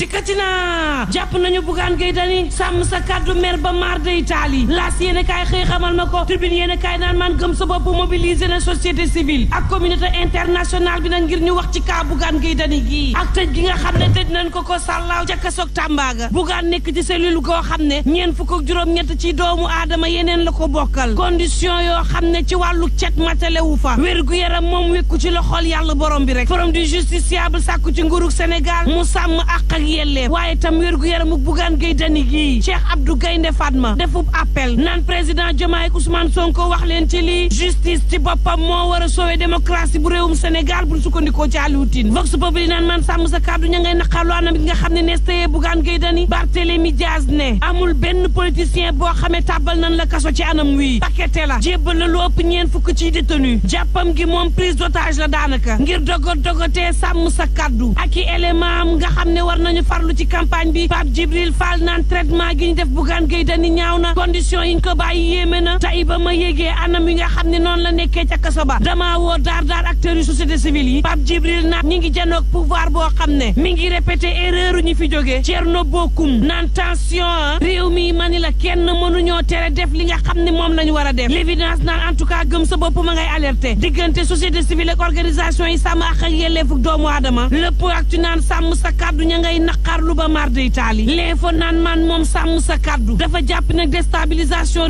dikkati na jàpp nañu bugaan gay dani sàmm sa kàddu mer ba maar day taal yi laas yéen ma ko tribune yéen kaay naan maan gëm sa bopp mobiliser na société civile ak communauté internationale bi nag ngir ñu wax ci kaa bugaan gay dani gii ak tëj gi nga xam ne tëj nañ ko ko sàllaaw ca kasoog tàmbaaga bugaan nekk ci cellule koo xam ne ñeent fukk ak juróom-ñett ci doomu aadama yeneen la ko bokkal condition yoo xam ne ci wàllu cet matalewu fa wér gu yaram moom wékku ci loxol yàlla borom bi rek forum du justiciable sàkku ci nguurug Sénégal mu yelleef waaye tam wér gu yaramu Bougane Gueye Dany gii Cheikh Abdou Gaynde Fatma defub appel naan président Diomaye ak Ousmane Sonko wax leen ci lii justice ci boppam moo war a soowee démocratie bu réewum Sénégal bu sukkandikoo ci Aliou Tine Vox Populi naan man sàmm sa kàddu ña ngay naqarlu anam bi nga xam ne nestayee Bougane Gueye Dany Barthélémy Diaz ne amul benn politicien boo xamee tàbbal nan la kaso ci anam wii pakete la jébbal la lu ëpp ñeen fukk ciy détenu jàppam gi moom prise d'otage la sa kàddu ak i élément am ñu farlu ci campagne bi Pape Djibril Fall naan traitement gi ñu def Bougane Gueye Dany ñaaw na condition yi ñu ko bàyyi yéeme na tey ba ma yégee anam yi nga xam ne noonu la nekkee ca kaso ba damaa woo daar daar acteurs yu société civile yi Pape Djibril naan ñi ngi janoog pouvoir boo xam ne mi ngi répété erreur ñu fi jógee Thierno Bocoum naan tension ah. réew mi ma ni la kenn mënuñoo tere def li nga xam ne moom la ñu war a def l'évidence naan en tout cas gëm sa bopp ma ngay diggante société civile ak yi sàmm ak ak doomu aadama lépp ak ci naan sàmm sa kàddu ña ngay naqarlu ba mar day taali l'info naan maan moom sàmm sa kàddu dafa jàpp nag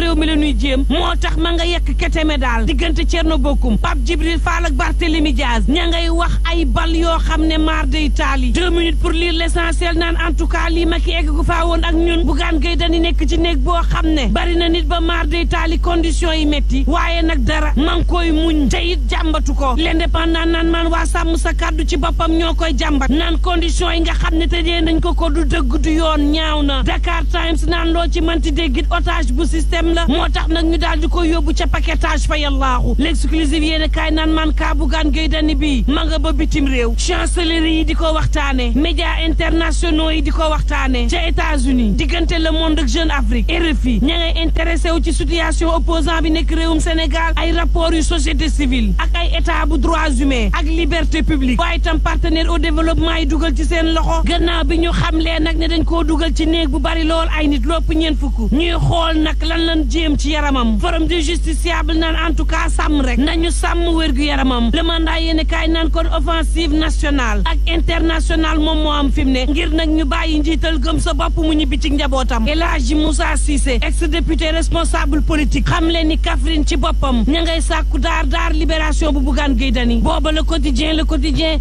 réew mi la ñuy jéem moo tax ma nga yekk keteme daal diggante Thierno Bokum Pape Djibril Fall ak Barthélémy Diaz ña ngay wax ay bal yoo xam ne mar day taali deux minutes pour lire l'essentiel naan en tout cas lii ma ki egg gu faa woon ak ñun bugaan gay dañu nekk ci néeg boo xam ne bari na nit ba mar day taali condition yi métti waaye nag dara man koy muñ te it jàmbatu ko l'indépendant naan maan waa sàmm sa kàddu ci boppam ñoo koy jàmbat naan condition yi nga xam ne tëjee nañ ko ko du dëgg du yoon ñaaw na Dakar Times naan loo ci manti déggit otage bu système la moo tax nag ñu daal di ko yóbbu ca paquetage fa yallaahu l'exclusive yéen a kaay naan man kaa bugaan gay dani bi ma nga ba bitim réew chancellerie yi di ko waxtaane média internationaux yi di ko waxtaane ca États-Unis diggante la monde ak Jeune Afrique RFI ña ngay wu ci situation opposant bi nekk réewum Sénégal ay rapport yu société civile ak ay état bu droits humains ak liberté publique waaye tam partenaire au développement yi dugal ci seen loxo gannaaw bi ñu xamlee nag ne dañ koo dugal ci néeg bu bari lool ay nit lopp ñeen fukk ñuy xool nag lan lan jéem ci yaramam forum du justiciable naan en tout cas sàmm rek nañu sàmm wér gu yaramam le mandat yéen kaay naan kon offensive nationale ak internationale moom moo am fi mu ne ngir nag ñu bàyyi njiital gëm sa bopp mu ñibbi ci njabootam El Hadji Moussa Cissé ex député responsable politique xam leen ni Kaffrine ci boppam ña ngay sàkku daar daar libération bu Bougane Gueye Dany booba le quotidien le quotidien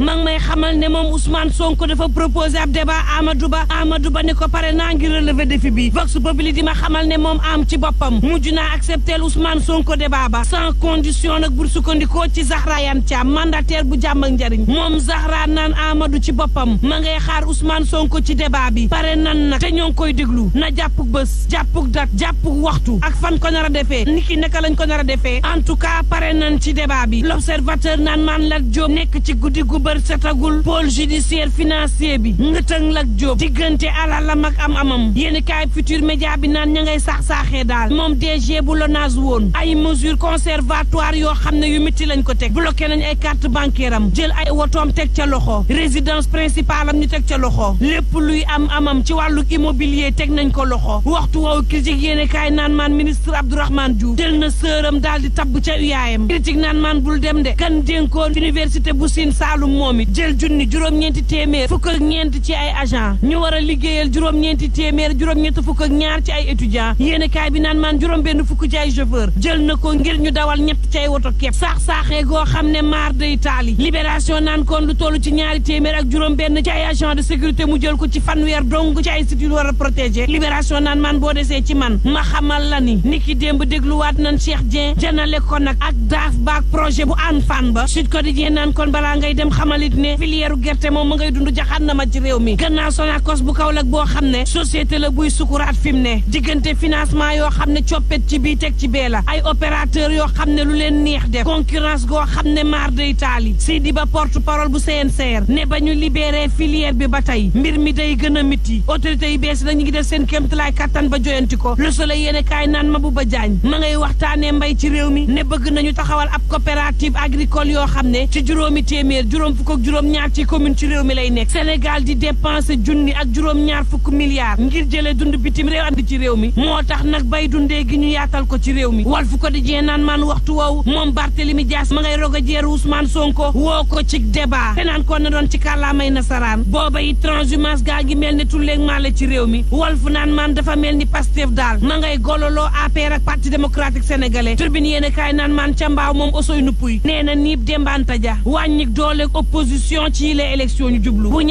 débat Amadou Ba Amadou Ba ne ko pare naa ngi relever défi bi Vox Populi di ma xamal ne moom am ci boppam mujj naa accepter Ousmane Sonko débat ba sans condition nag bu sukkandikoo ci Zahra Iyane Thiam mandataire bu jàmm ak njariñ moom Zahra naan Amadou ci boppam ma ngay xaar Ousmane ko ci débat bi pare nan nag te ñoo ngi koy déglu na jàppug bés jàppug date jàpp waxtu ak fan ko nar a defee kii naka lañ ko nar a defee en tout cas pare nan ci débat bi l'observateur naan maan la joo nekk ci guddi gu bër setagul pôle judiciaire financier bi tëng lak jóob diggante alalam ak am amam yéeni kaay futur média bi naan ña ngay sax-saaxee daal moom DG bu LONASE woon ay mesures conservatoires yoo xam ne yu métti lañ ko teg nañ ay carte bancaire am jël ay wotoom teg ca loxo résidence principale am ñu teg ca loxo lépp luy am amam ci wàllu immobilier teg nañ ko loxo waxtu woowu critique yéeni kaay naan maan ministre Abdourahmane Diouf jël na sëram daal di tabb ca UAM critique naan maan bul dem de kan dénkoon université bu Sine Saalum moom it jël junni juróom-ñeenti téeméer fukk kër ñeent ci ay agent ñu war a liggéeyal juróom-ñeenti téeméer juróom-ñetti fukk ak ñaar ci ay étudiant yéeni kaay bi naan maan juróom benn fukk ci ay chauffeur jël na ko ngir ñu dawal ñett ci ay woto kepp saax-saaxee goo xam ne maar day taali libération naan kon lu toll ci ñaari téeméer ak juróom benn ci ay agent de sécurité mu jël ko ci fanweer dong ci ay sit yu war protégé protéger naan maan boo desee ci man ma xamal la ni niki démb dégluwaat nan Cheikh Dieng janale ko nag ak daaf baak projet bu an fan ba Sud Quotidien naan kon balaa ngay dem xamalit ne filière gerte moom ma ngay dund jaxaan na ma ci réew mi mi gannaaw Sonacos bu Kaolack boo xam ne société la buy sukuraat fi mu ne diggante financement yoo xam ne coppet ci bii teg ci bee la ay opérateur yoo xam ne lu leen neex def concurrence goo xam ne maar day taali Seydi Ba porte parole bu CNCR ne ba ñu libéré filière bi ba tey mbir mi day gën a mitti autorités yi bees la ñu ngi def seen kéemtalaay kattan ba joyanti ko Le Soleil yéene kaay naan ma bu ba jaañ ma ngay waxtaanee mbay ci réew mi ne bëgg nañu taxawal ab coopérative agricole yoo xam ne ci juróomi téeméer juróom fukk juróom ñaar ci commune ci réew mi lay nekk Sénégal di dépensé junni ak juróom-ñaar fukk milliards ngir jëlee dund bitim réew andi ci réew mi moo tax nag bay dundee gi ñu yaatal ko ci réew mi ko Quotidien naan maan waxtu woowu moom Barthélemy Dias ma ngay rog a jeeru Ousmane Sonko woo ko ci débat te naan ko na doon ci kàllaamay nasaraan booba yi transhumance gaa ngi mel ni tulleeg maa la ci réew mi Walf naan maan dafa mel ni Pastef daal ma ngay gololoo APR ak Parti démocratique sénégalais Tribune yéen kaay naan maan ca moom Ousseynou Pouye nee na niib dembaanta ja wàññi dooleeg opposition ci yile élection ñu jublu bu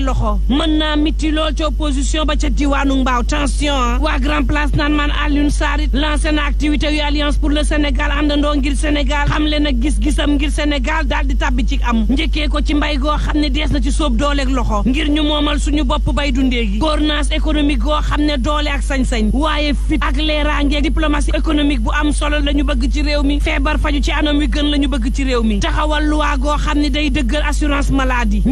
joxee loxo mën naa mitti lool ci opposition ba ca diwaanu mbaaw tension waa grand place naan maan Alioune Sarr it lancé na activité yu alliance pour le Sénégal àndandoo ngir Sénégal xam leen nag gis-gisam ngir Sénégal daal di tàbbi ci am njëkkee ko ci mbay goo xam ne dees na ci sóob dooleeg loxo ngir ñu moomal suñu bopp bay dundee gi gouvernance économique goo xam ne doole ak sañ-sañ waaye fit ak leeraangeeg diplomatie économique bu am solo la ñu bëgg ci réew mi feebar faju ci anam wi gën la ñu bëgg ci réew mi taxawal luwaa goo xam ne day dëggal assurance maladie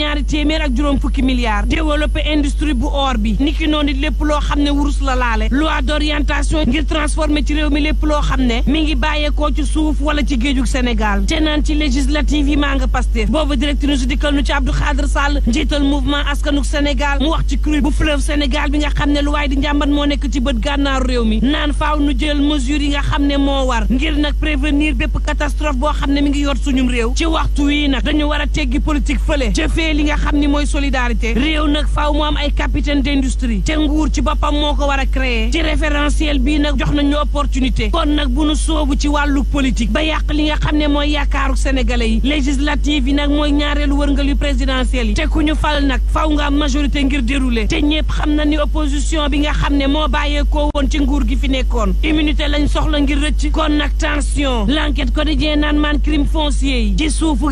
ñaari téeméer ak juróom fukki milliards développer industrie bu or bi niki noonu lépp loo xam ne wurus la laale loi d'orientation ngir transformer ci réew mi lépp loo xam ne mi ngi bàyyeekoo ci suuf wala ci géejug Sénégal te naan ci législative yi maa nga Pastef boobu directeur su dikkal nu ci Abdou Khadre Sall njiital mouvement askanuk Sénégal mu wax ci crue bu fleuve Sénégal bi nga xam ne lu waaye di njàmbat moo nekk ci bët gànnaaru réew mi naan faaw nu jël mesures yi nga xam ne moo war ngir nag prévenir bépp catastrophe boo xam ne mi ngi yor suñum réew ci waxtu wii nag dañu war a teggi politique fële jëfee li nga xam ni mooy solidarité réew nag faw mu am ay capitaine d'industrie te nguur ci boppam moo ko war a créer ci référentiel bii nag jox nañu opportunité kon nag bu nu soobu ci wàllu politique ba yàq li nga xam ne mooy yaakaaru sénégalais yi législative yi nag mooy ñaareelu wër nga yu présidentielle yi te ku ñu fal nag faw nga am majorité ngir dérouler te ñëpp xam na ni opposition bi nga xam ne moo bàyyeekoo woon ci nguur gi fi nekkoon immunité lañ soxla ngir rëcc kon nag tension l'enquête quotidien naan maan crime foncier yi ci suufu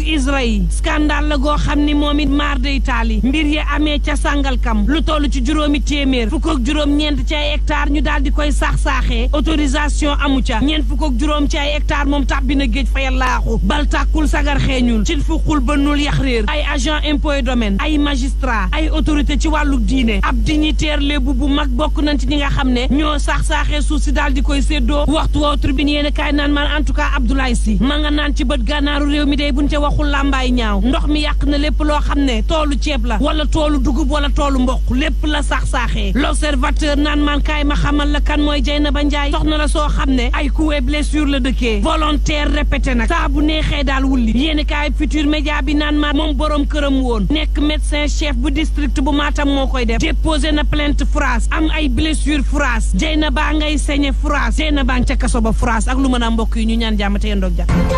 tamit maar day taali mbir yi amee ca Sangalkam lu toll ci juróomi téeméer fukk ak juróom ñeent ci ay hectare ñu daal di koy saax-saaxee autorisation amu ca ñeent fukk juróom ci ay hectare moom bi na géej fayal laaxu bal tàkkul sagar xeeñul cin fukkul bënnul yax réer ay agent impôt et domaine ay magistrat ay autorité ci wàllu diine ab dignitaire lébu bu mag bokk nañ ci ñi nga xam ne ñoo saax-saaxee suuf si daal di koy séddoo waxtu woo tribune yéen kaay naan man en tout cas Abdoulaye Sy ma nga naan ci bët gànnaaru réew mi buñ ca waxul làmbaay ñaaw ndox mi xam ne toolu ceeb la wala toolu dugub wala toolu mboq lépp la sax-saaxee l'observateur naan man kaay ma xamal la kan mooy na Dieynaba Ndiaye soxna la soo xam ne ay coups blessure la dëkkee volontaire répété nag saa bu neexee daal wulli yéen kaay futur média bi naan maan moom borom këram woon nekk médecin chef bu district bu Matam moo koy def déposé na plent France am ay blessure France Dieynaba ngay saigné France Dieynaba ca kaso ba France ak lu mën a mbokk yi ñu ñaan jàmm te